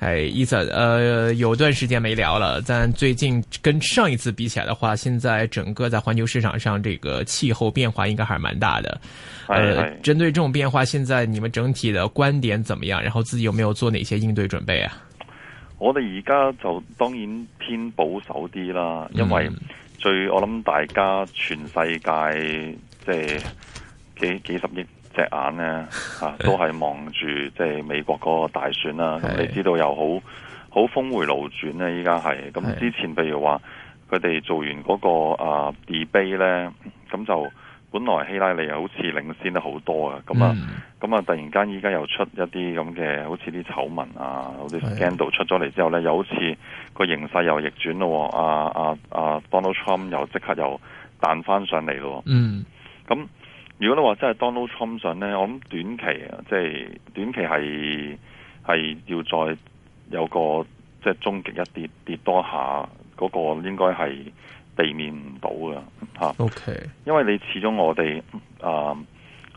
誒，Ethan、哎，呃有段時間沒聊了，但最近跟上一次比起來的話，現在整個在環球市場上，這個氣候變化應該還是蠻大的。哎、呃、哎、針對這種變化，現在你們整體的觀點怎麼樣？然後自己有沒有做哪些應對準備啊？我哋而家就當然偏保守啲啦，因為最我諗大家全世界即係幾幾十億。隻眼咧嚇、啊，都係望住即係美國個大選啦。 你知道又好好峰回路轉咧、啊，依家係咁之前，譬如話佢哋做完嗰、那個啊 debate 咧，咁就本來希拉里又好似領先得好多啊，咁啊咁啊，突然間依家又出一啲咁嘅，好似啲醜聞啊，啲 scandal 出咗嚟之後咧，嗯、又好似個形勢又逆轉咯，阿阿阿 Donald Trump 又即刻又彈翻上嚟咯，嗯，咁。如果你話真係 Donald Trump 上咧，我諗短期啊，即係短期係係要再有個即係終極一跌，跌多下嗰個應該係避免唔到噶嚇。OK. 因為你始終我哋啊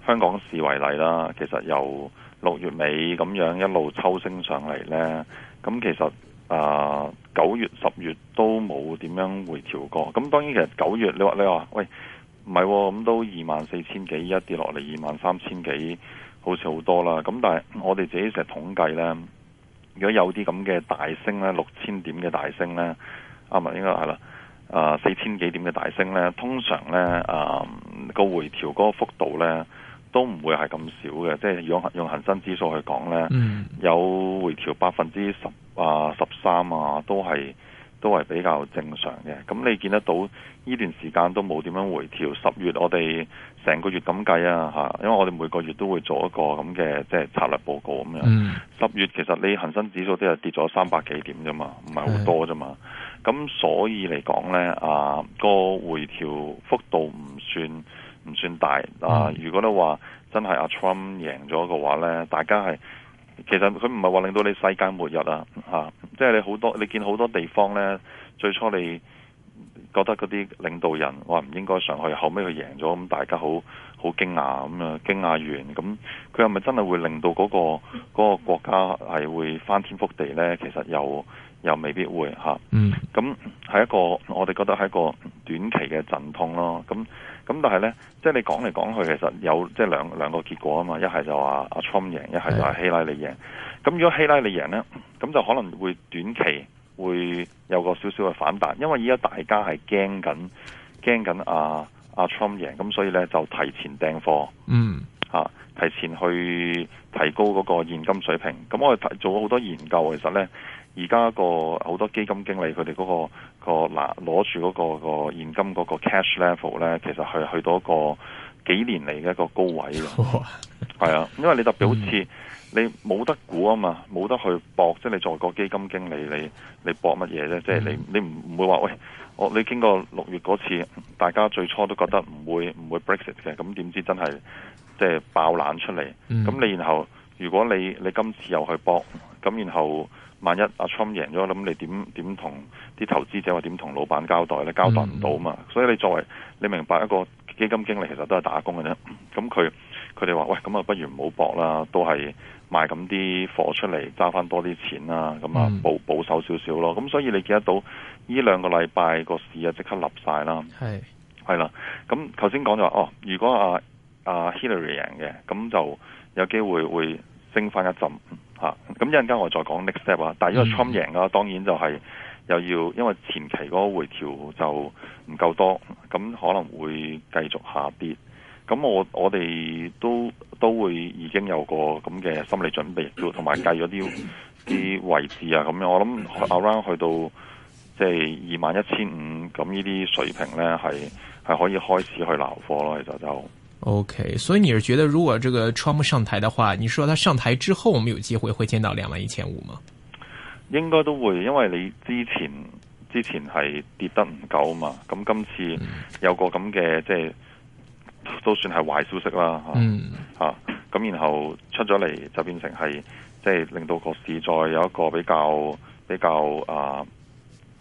香港市為例啦，其實由六月尾咁樣一路抽升上嚟咧，咁其實啊九月十月都冇點樣回調過。咁當然其實九月你話你話喂。唔係喎，咁、哦、都二萬四千幾一跌落嚟二萬三千幾，好似好多啦。咁但係我哋自己成日統計呢，如果有啲咁嘅大升呢，六千點嘅大升呢，啊唔係，應該係啦。啊、呃，四千幾點嘅大升呢，通常呢啊，個、呃、回調嗰個幅度呢，都唔會係咁少嘅。即係用用恆生指數去講呢，嗯、有回調百分之十啊、十三啊，都係，都係比較正常嘅，咁你見得到呢段時間都冇點樣回調。十月我哋成個月咁計啊，吓，因為我哋每個月都會做一個咁嘅即係策略報告咁樣。嗯、十月其實你恆生指數都係跌咗三百幾點啫嘛，唔係好多啫嘛。咁是的 所以嚟講呢，啊個回調幅度唔算唔算大啊。嗯、如果都話真係阿 Trump 贏咗嘅話呢，大家係。其實佢唔係話令到你世界末日啊，嚇！即係你好多，你見好多地方呢，最初你覺得嗰啲領導人話唔應該上去，後尾佢贏咗，咁大家好好驚訝咁啊！驚訝完，咁佢係咪真係會令到嗰個嗰個國家係會翻天覆地呢？其實有。又未必會吓，咁、啊、係、嗯嗯、一個我哋覺得係一個短期嘅陣痛咯。咁、嗯、咁但係呢，即係你講嚟講去，其實有即係兩兩個結果啊嘛。一係就話阿 Trump 贏，一係就係希拉里贏。咁、嗯、如果希拉里贏呢，咁就可能會短期會有個少少嘅反彈，因為而家大家係驚緊驚緊阿阿 Trump 贏，咁、啊啊、所以呢就提前掟貨。嗯，吓、啊。提前去提高嗰個現金水平，咁我哋做咗好多研究，其實呢，而家個好多基金經理佢哋嗰個嗱攞住嗰個個現金嗰個 cash level 呢，其實係去到一個幾年嚟嘅一個高位，係啊， 因為你特別好似你冇得估啊嘛，冇得去博，即係你作為個基金經理，你你博乜嘢呢？即係你你唔唔會話喂，我你經過六月嗰次，大家最初都覺得唔會唔會 Brexit 嘅，咁點知真係？即係爆冷出嚟，咁、嗯、你然後如果你你今次又去搏，咁然後萬一阿 Trump 贏咗，咁你點點同啲投資者或點同老闆交代咧？交代唔到嘛，所以你作為你明白一個基金經理其實都係打工嘅啫，咁佢佢哋話喂，咁啊不如唔好搏啦，都係賣咁啲貨出嚟，揸翻多啲錢啦，咁啊保、嗯、保守少少咯。咁所以你見得到呢兩個禮拜個市啊，即刻立晒啦。係係啦，咁頭先講就話哦，如果、啊啊、uh，Hillary 贏嘅咁就有機會會升翻一陣吓。咁一陣間我再講 next step 啊。但係因為 Trump 贏啦，當然就係又要因為前期嗰個回調就唔夠多，咁可能會繼續下跌。咁我我哋都都會已經有個咁嘅心理準備，同埋計咗啲啲位置啊咁樣。我諗 around 去到即係二萬一千五咁呢啲水平咧，係係可以開始去鬧貨咯，其實就。O、okay, K，所以你是覺得如果這個 Trump 上台的話，你說他上台之後，我們有機會會見到兩萬一千五嗎？應該都會，因為你之前之前係跌得唔夠嘛，咁今次有個咁嘅即係都算係壞消息啦，吓吓、嗯，咁、啊、然後出咗嚟就變成係即係令到個市再有一個比較比較啊。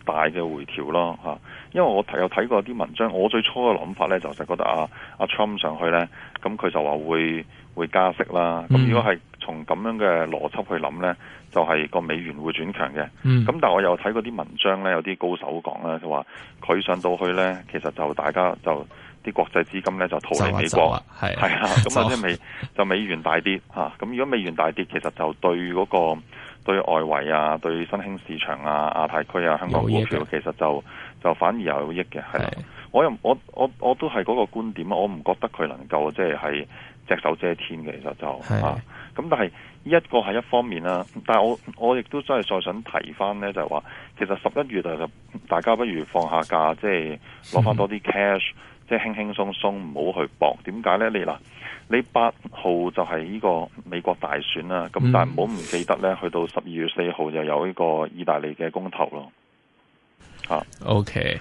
大嘅回調咯吓因為我睇有睇過啲文章，我最初嘅諗法咧就係覺得啊，阿 Trump 上去咧，咁佢就話會會加息啦。咁、嗯、如果係從咁樣嘅邏輯去諗咧，就係、是、個美元會轉強嘅。咁、嗯、但我又睇過啲文章咧，有啲高手講咧佢話佢上到去咧，其實就大家就啲國際資金咧就逃離美國，係係啊，咁啊即係美就,的 就美元大跌吓。咁如果美元大跌，其實就對嗰、那個。對外圍啊，對新興市場啊、亞太區啊、香港股票，其實就就反而有益嘅。係的，我又我我我都係嗰個觀點啊，我唔覺得佢能夠即係係隻手遮天嘅。其實就是的啊，咁、嗯、但係呢一個係一方面啦、啊。但係我我亦都真係再想提翻呢，就係、是、話其實十一月就大家不如放下假，即係攞翻多啲 cash、嗯。即係輕輕鬆鬆，唔好去搏。點解呢？你嗱，你八號就係呢個美國大選啦，咁、嗯、但係唔好唔記得呢，去到十二月四號就有呢個意大利嘅公投咯。啊，OK。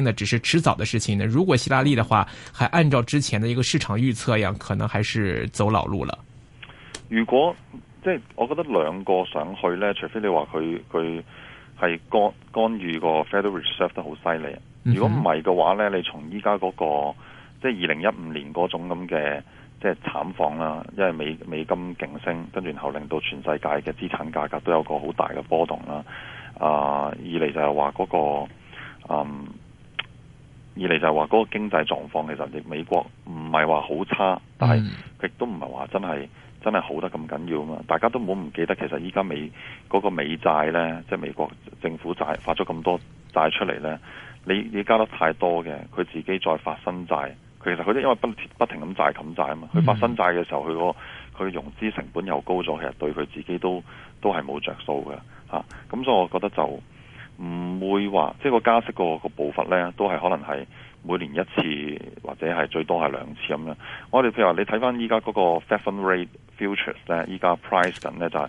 呢只是遲早的事情。呢，如果希拉利的話，還按照之前的一個市場預測樣，可能還是走老路了。如果即係我覺得兩個上去呢，除非你話佢佢係干干預個 Federal Reserve 得好犀利。嗯、哼如果唔係嘅話呢，你從依家嗰個即係二零一五年嗰種咁嘅即係慘況啦，因為美美金勁升，跟住然後令到全世界嘅資產價格都有個好大嘅波動啦。啊、呃，二嚟就係話嗰個嗯。二嚟就係話嗰個經濟狀況其實亦美國唔係話好差，但係亦都唔係話真係真係好得咁緊要啊嘛！大家都冇唔記得，其實依家美嗰個美債呢，即係美國政府債發咗咁多債出嚟呢，你你加得太多嘅，佢自己再發新債，其實佢都因為不不停咁債冚債啊嘛！佢發新債嘅時候，佢個佢融資成本又高咗，其實對佢自己都都係冇着數嘅吓。咁所以，我覺得就。唔會話，即係個加息個個步伐呢，都係可能係每年一次，或者係最多係兩次咁樣。我哋譬如話，你睇翻依家嗰個 Fed fund rate futures 呢，依家 price 緊呢，就係、是、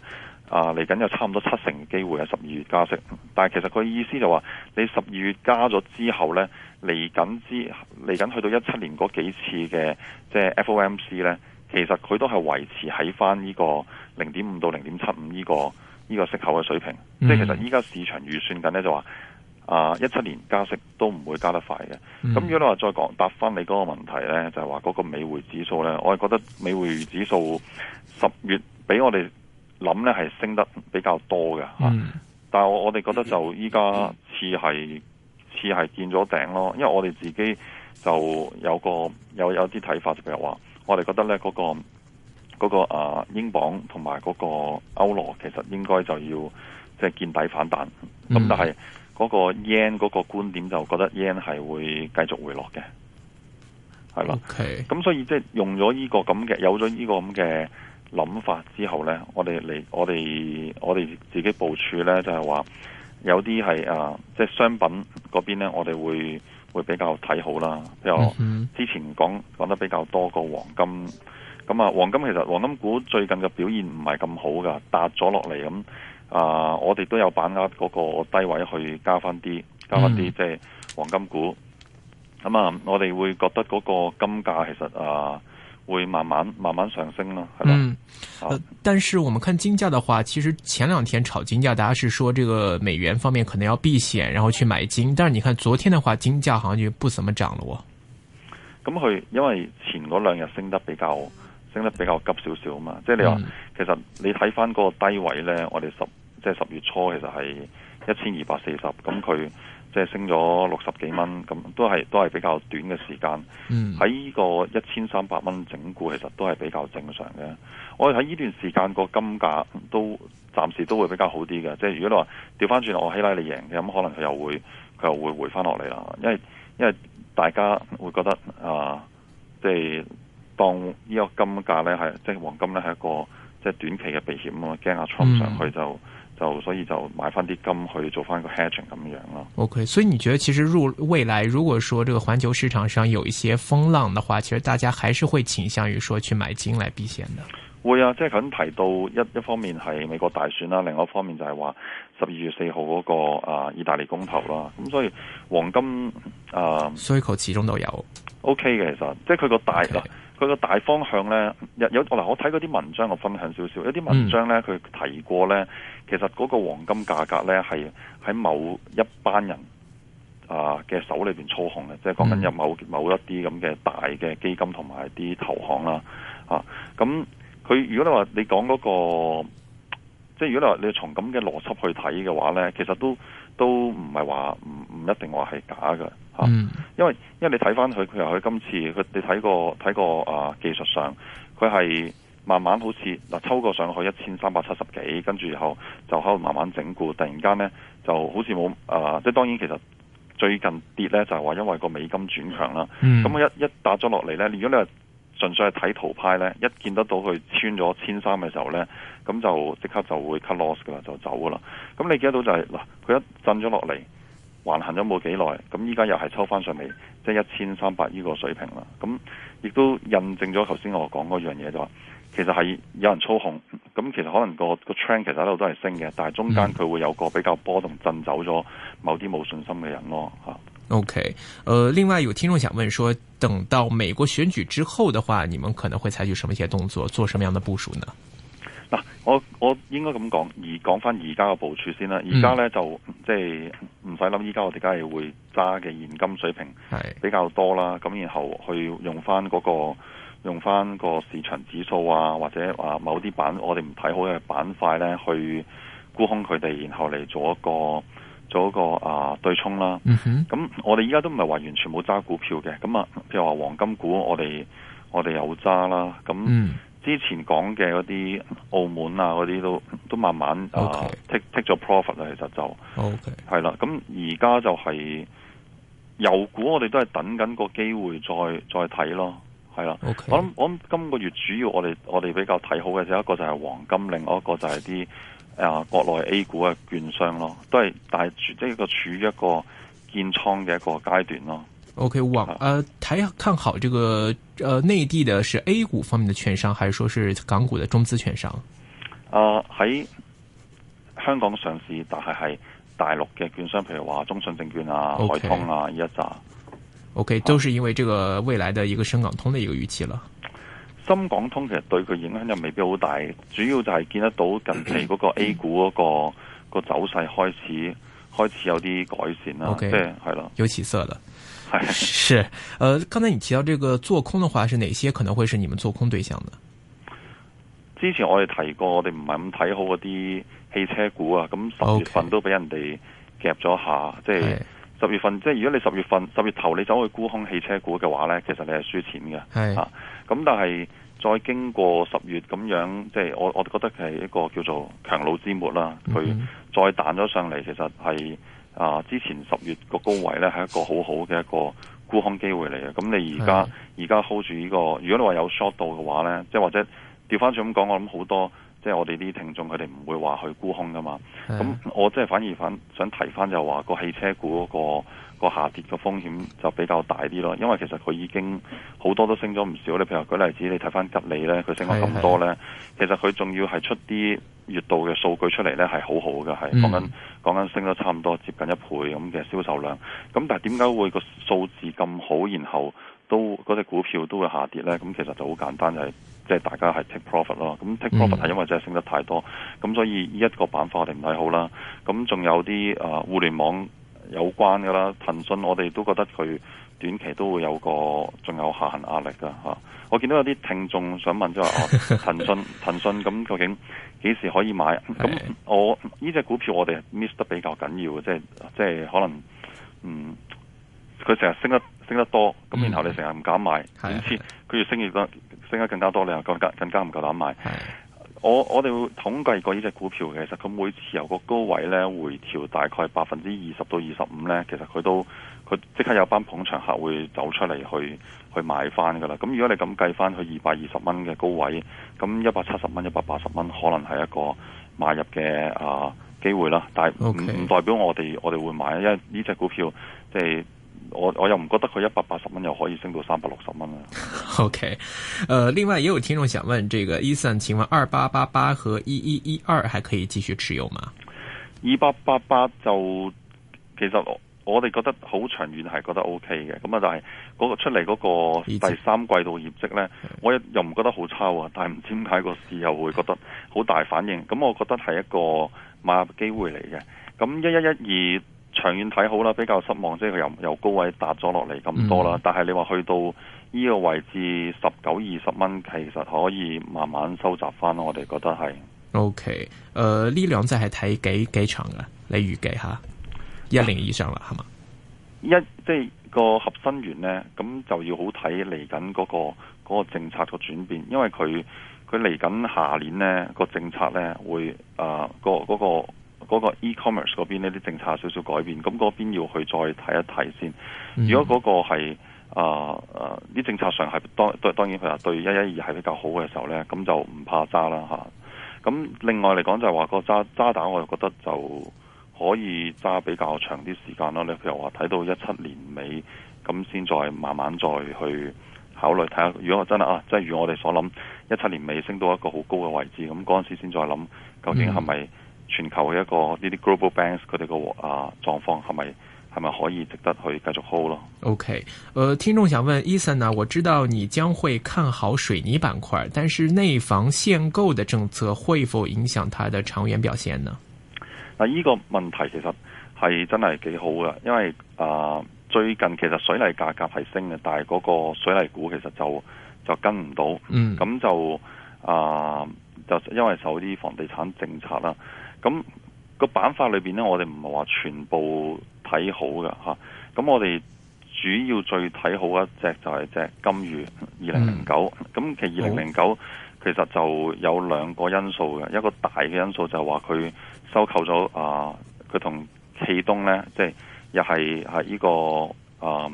啊，嚟緊有差唔多七成機會係十二月加息。但係其實佢意思就話、是，你十二月加咗之後呢，嚟緊之嚟緊去到一七年嗰幾次嘅即係 FOMC 呢，其實佢都係維持喺翻呢個零點五到零點七五呢個。呢個息口嘅水平，即係其實依家市場預算緊咧，就話啊一七年加息都唔會加得快嘅。咁、嗯、如果你話再講答翻你嗰個問題咧，就係話嗰個美匯指數咧，我係覺得美匯指數十月比我哋諗咧係升得比較多嘅嚇、嗯啊。但係我我哋覺得就依家似係似係見咗頂咯，因為我哋自己就有個有有啲睇法，就譬如話我哋覺得咧嗰、嗰個。嗰、那個啊，英鎊同埋嗰個歐羅其實應該就要即係、就是、見底反彈。咁、嗯、但係嗰個 yen 嗰個觀點就覺得 yen 係會繼續回落嘅，係咯。咁所以即係用咗呢個咁嘅，有咗呢個咁嘅諗法之後咧，我哋嚟我哋我哋自己部署咧就係話，有啲係啊，即、就、係、是、商品嗰邊咧，我哋會會比較睇好啦。譬如之前講講得比較多個黃金。咁啊，黃金其實黃金股最近嘅表現唔係咁好噶，跌咗落嚟，咁啊，我哋都有把握嗰個低位去加翻啲，加翻啲即係黃金股。咁啊、嗯嗯，我哋會覺得嗰個金價其實啊、呃、會慢慢慢慢上升咯，係嘛？嗯呃啊、但是我們看金價的話，其實前兩天炒金價，大家是說這個美元方面可能要避險，然後去買金。但是你看昨天的話，金價好像就不怎麼漲了喎。咁佢因為前嗰兩日升得比較好。升得比較急少少啊嘛，即係你話、嗯、其實你睇翻嗰個低位咧，我哋十即係十月初其實係一千二百四十，咁佢即係升咗六十幾蚊，咁都係都係比較短嘅時間。嗯，喺呢個一千三百蚊整固，其實都係比較正常嘅。我哋喺呢段時間個金價都暫時都會比較好啲嘅。即係如果你話調翻轉，我希拉里贏嘅，咁可能佢又會佢又會回翻落嚟啦。因為因為大家會覺得啊，呃，即係。當呢個金價咧係即係黃金咧係一個即係短期嘅避險咯，驚阿 Trump 上去就、嗯、就所以就買翻啲金去做翻個 hedging 咁樣咯。OK，所以你覺得其實入未來，如果說這個環球市場上有一些風浪的話，其實大家還是會傾向於說去買金來避險的？會啊，即係佢提到一一方面係美國大選啦，另外一方面就係話十二月四號嗰個啊、呃、意大利公投啦，咁、嗯、所以黃金啊需求始終都有 OK 嘅，其實即係佢個大啦。Okay. 佢個大方向咧，有有嗱，我睇嗰啲文章我分享少少，有啲文章咧佢、嗯、提過咧，其實嗰個黃金價格咧係喺某一班人啊嘅手裏邊操控嘅，即係講緊有某、嗯、某一啲咁嘅大嘅基金同埋啲投行啦，啊，咁、嗯、佢如果你話你講嗰個，即係如果你話你從咁嘅邏輯去睇嘅話咧，其實都都唔係話唔唔一定話係假嘅。嗯，因為，因為因為你睇翻佢，佢話佢今次，佢你睇過睇過啊技術上，佢係慢慢好似嗱抽過上去一千三百七十幾，跟住然後就喺度慢慢整固，突然間咧就好似冇啊！即係當然其實最近跌咧就係話因為個美金轉強啦，咁我一一打咗落嚟咧，如果你係純粹係睇圖派咧，一見得到佢穿咗千三嘅時候咧，咁就即刻就會 cut loss 噶啦，就走噶啦。咁你記得到就係嗱，佢一震咗落嚟。橫行咗冇幾耐，咁依家又係抽翻上嚟，即係一千三百呢個水平啦。咁亦都印證咗頭先我講嗰樣嘢，就話其實係有人操控。咁其實可能個個 trend 其實一路都係升嘅，但係中間佢會有個比較波動震走咗某啲冇信心嘅人咯。嚇。OK，呃，另外有聽眾想問說，說等到美國選舉之後的話，你們可能會採取什麼一些動作，做什麼樣的部署呢？嗱、啊，我我應該咁講，而講翻而家嘅部署先啦。而家咧就即係唔使諗，而家我哋梗係會揸嘅現金水平係比較多啦。咁是然後去用翻嗰、嗰個用翻個市場指數啊，或者啊某啲板我哋唔睇好嘅板塊咧，去沽空佢哋，然後嚟做一個做一個啊對沖啦。咁、嗯、哼我哋而家都唔係話完全冇揸股票嘅，咁啊譬如話黃金股我，我哋我哋有揸啦。咁之前講嘅嗰啲澳門啊那些，嗰啲都都慢慢 Okay. 啊 take take 咗 profit 啦，其實就係啦，咁而家就係、係、油股，我哋都係等緊個機會再再睇咯，係啦 Okay.。我諗我諗今個月主要我哋我哋比較睇好嘅就一個就係黃金，另外一個就係啲啊國內 A 股嘅券商咯，都係但係呢個處於一個建倉嘅一個階段咯。O.K. 望，誒、呃，睇看好這個，誒、呃，內地的是 A 股方面的券商，還是說是港股的中資券商？啊喺、呃、香港上市，但係係大陸嘅券商，譬如話中信證券啊、okay, 海通啊呢一扎。O.K. okay 都是因為這個未來的一個深港通的一個預期了、啊。深港通其實對佢影響又未必好大，主要就係見得到近期嗰個 A 股嗰、那個、嗯、個走勢開始開始有啲改善啦、啊，即係係咯，有起色啦。係，是，呃，剛才你提到這個做空的話，是哪些可能會是你們做空對象呢？之前我哋提過，我哋唔係咁睇好嗰啲汽車股啊，咁十月份都俾人哋夾咗下，即係十月份，是即係如果你十月份十月頭你走去沽空汽車股嘅話呢，其實你係輸錢嘅，係咁是、啊、但係再經過十月咁樣，即、就、係、是、我，我哋覺得係一個叫做強弩之末啦，佢再彈咗上嚟，嗯、哼其實係。啊！之前十月個高位咧，係一個好好嘅一個沽空機會嚟嘅。咁你而家而家 hold 住呢個，如果你有話有 short 到嘅話咧，即係或者調翻轉咁講，我諗好多即係我哋啲聽眾佢哋唔會話去沽空噶嘛。咁的我即係反而想想提翻就話個汽車股、嗰個。個下跌個風險就比較大啲咯，因為其實佢已經好多都升咗唔少，你譬如話舉例子，你睇翻吉利咧，佢升咗咁多咧，是的 其實佢仲要係出啲月度嘅數據出嚟咧，係好好嘅，係講緊講緊升咗差唔多接近一倍咁嘅銷售量。咁但係點解會個數字咁好，然後都嗰隻、那個、股票都會下跌咧？咁其實就好簡單，就係即係大家係 take profit 咯。咁 take profit 係因為真係升得太多，咁、嗯、所以呢一個板塊我哋唔係好啦。咁仲有啲誒互聯網。有關噶啦，騰訊我哋都覺得佢短期都會有個仲有下行壓力噶、啊、我見到有啲聽眾想問就話、是、 哦，騰訊騰訊咁究竟幾時可以買？咁的我呢隻、這個、股票我哋 miss 得比較緊要嘅，即係即係可能嗯，佢成日升得升得多，咁然後你成日唔敢買，點知佢越升越得，升得更加多，你又更,更,更加更加唔夠膽買。我我哋會統計過呢隻股票其實佢每次由個高位咧回調大概百分之二十到二十五咧，其實佢都佢即刻有班捧場客會走出嚟去去買翻噶啦。咁如果你咁計翻佢二百二十蚊嘅高位，咁一百七十蚊、一百八十蚊可能係一個買入嘅啊機會啦。但係唔唔代表我哋我哋會買，因為呢隻股票即係。我我又唔覺得佢一百八十蚊又可以升到三百六十蚊啦。OK，另外也有聽眾想問，這個 Eason，請問二八八八和一一一二還可以繼續持有嗎？二八八八就其實我哋覺得好長遠係覺得 OK 嘅，咁啊就係個出嚟嗰個第三季度業績呢，我又唔覺得好差啊，但係唔知點解個市又會覺得好大反應，咁我覺得係一個買入機會嚟嘅。咁一一一二。長遠睇好啦，比較失望即係，佢由由高位搭咗落嚟咁多啦。Mm hmm. 但係你話去到呢個位置十九二十蚊，19, 其實可以慢慢收集翻我哋覺得係。O K.，誒呢兩隻係睇幾幾長嘅、啊？你預計下，啊、一年以上啦，係嘛？一即係、就是、個合身源呢，咁就要好睇嚟緊嗰個政策個轉變，因為佢佢嚟緊下年呢、呢個政策呢會啊、呃嗰個嗰嗰個 e-commerce 嗰邊呢啲政策有少少改變，咁嗰邊要去再睇一睇先。如果嗰個係、呃、啊啲政策上係當然佢話對一一二係比較好嘅時候咧，咁就唔怕揸啦嚇。咁、啊、另外嚟講就係話、個渣打，我覺得就可以揸比較長啲時間咯。你譬如話睇到一七年尾，咁先再慢慢再去考慮睇下。如果真係啊，即係如我哋所諗，一七年尾升到一個好高嘅位置，咁嗰陣時先再諗究竟係咪、嗯？全球嘅一個呢啲 global banks 佢哋個啊狀況係咪係咪可以值得去繼續 hold 咯？OK，呃，聽眾想問 Ethan 啊，我知道你將會看好水泥板塊，但是內房限購嘅政策會否影響它嘅長遠表現呢？啊，依個問題其實係真係幾好㗎，因為啊、呃，最近其實水泥價格係升嘅，但係嗰個水泥股其實就就跟唔到，嗯，咁就啊、呃，就因為受啲房地產政策啦。咁、那個板塊裏面咧，我哋唔係話全部睇好嘅咁、啊、我哋主要最睇好一隻就係隻金隅二零零九。咁其二零零九其實就有兩個因素嘅，好一個大嘅因素就係話佢收購咗啊，佢同冀東咧，即、就、係、是、又係係呢個啊，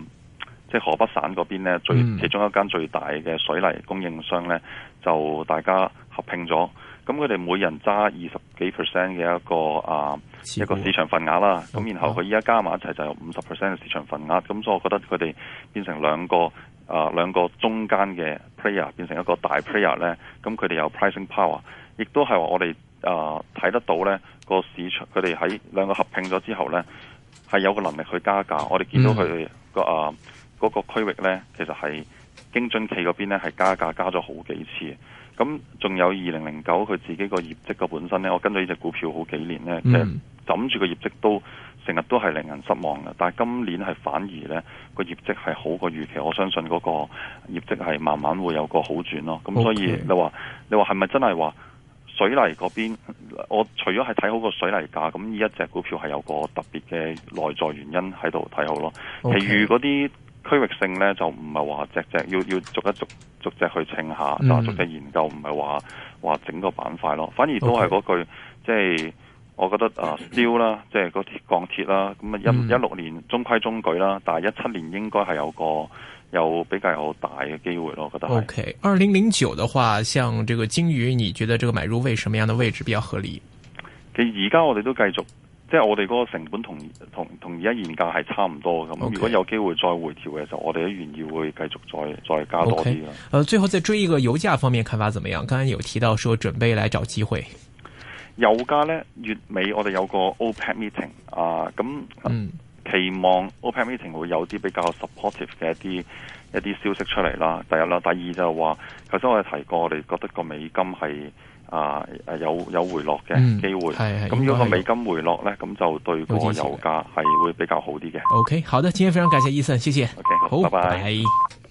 即、就、係、是、河北省嗰邊咧最其中一間最大嘅水泥供應商咧，就大家合併咗。咁佢哋每人揸二十幾 percent 嘅一個啊一個市場份額啦，咁然後佢依家加埋一齊就五十 percent 嘅市場份額，咁所以我覺得佢哋變成兩個啊、呃、兩個中間嘅 player 變成一個大 player 咧，咁佢哋有 pricing power，亦都係話我哋啊睇得到咧個市場，佢哋喺兩個合併咗之後咧係有個能力去加價，我哋見到佢個啊嗰個區域咧其實係京津企嗰邊咧係加價加咗好幾次。咁仲有二零零九佢自己個業績個本身咧，我跟咗呢隻股票好幾年咧，嗯、其實枕住個業績都成日都係令人失望嘅。但係今年係反而咧個業績係好過預期，我相信嗰個業績係慢慢會有個好轉咯。咁 Okay. 所以你話你話係咪真係話水泥嗰邊？我除咗係睇好個水泥價，咁呢一隻股票係有個特別嘅內在原因喺度睇好咯。譬 Okay. 如嗰啲。區域性咧就唔係話隻隻，要要逐一逐逐隻去稱下，就逐隻研究，唔係話話整個板塊咯。反而都係嗰句，Okay. 即係我覺得啊，steel 啦，即係嗰啲鋼鐵啦，咁啊一一六年中規中矩啦，嗯、但係一七年應該係有個有比較有大嘅機會咯。我覺得 OK。二零零九嘅話，像這個金隅，你覺得這個買入位什麼樣的位置比較合理？其實而家我哋都繼續。即係我哋嗰個成本同同同而家現價係差唔多咁，Okay. 如果有機會再回調嘅時候，我哋都願意會繼續再再加多啲啦。誒、okay. 呃，最後再追一個油價方面看法怎麼樣？剛才有提到說準備來找機會。油價咧，月尾我哋有個 OPEC meeting 啊，咁、嗯、期、嗯、望 OPEC meeting 會有啲比較 supportive 嘅一啲一啲消息出嚟啦。第一啦，第二就係話，頭先我哋提過，我哋覺得個美金係。啊，誒有有回落嘅機、嗯、會，係咁的如果個美金回落咧，咁就對個油價係會比較好啲嘅。O、okay, K，好的，今天非常感謝，Ethan，謝謝。O、okay, K，好，拜拜好。Bye bye